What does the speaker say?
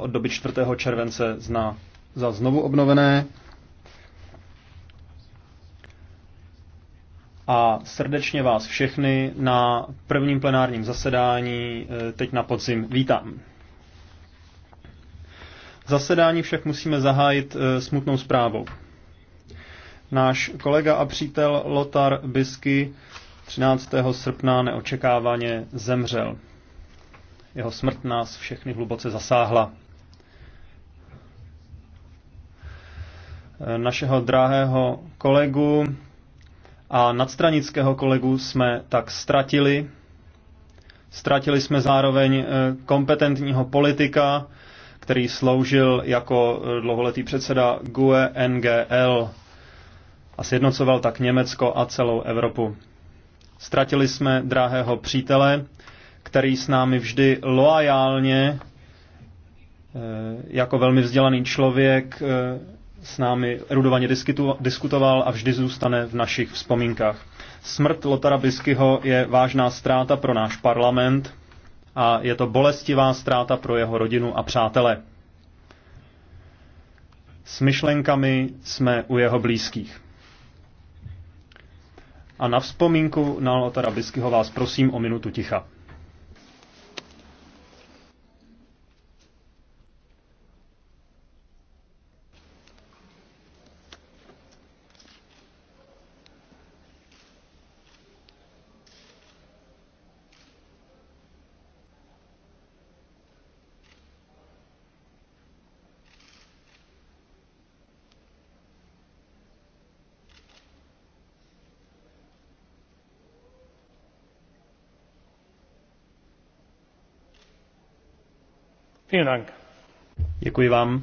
od doby 4. července zná za znovu obnovené. A srdečně vás všechny na prvním plenárním zasedání e, teď na podzim vítám. Zasedání však musíme zahájit e, smutnou zprávou. Náš kolega a přítel Lotar Bisky 13. srpna neočekávaně zemřel. Jeho smrt nás všechny hluboce zasáhla. Eh, našeho drahého kolegu a nadstranického kolegu jsme tak ztratili. Ztratili jsme zároveň eh, kompetentního politika, který sloužil jako eh, dlouholetý předseda GUE NGL a sjednocoval tak Německo a celou Evropu. Ztratili jsme drahého přítele, který s námi vždy loajálně, jako velmi vzdělaný člověk, s námi erudovaně diskutoval a vždy zůstane v našich vzpomínkách. Smrt Lotara Biskyho je vážná ztráta pro náš parlament a je to bolestivá ztráta pro jeho rodinu a přátele. S myšlenkami jsme u jeho blízkých. A na vzpomínku na Lotara Biskyho vás prosím o minutu ticha. Děkuji vám.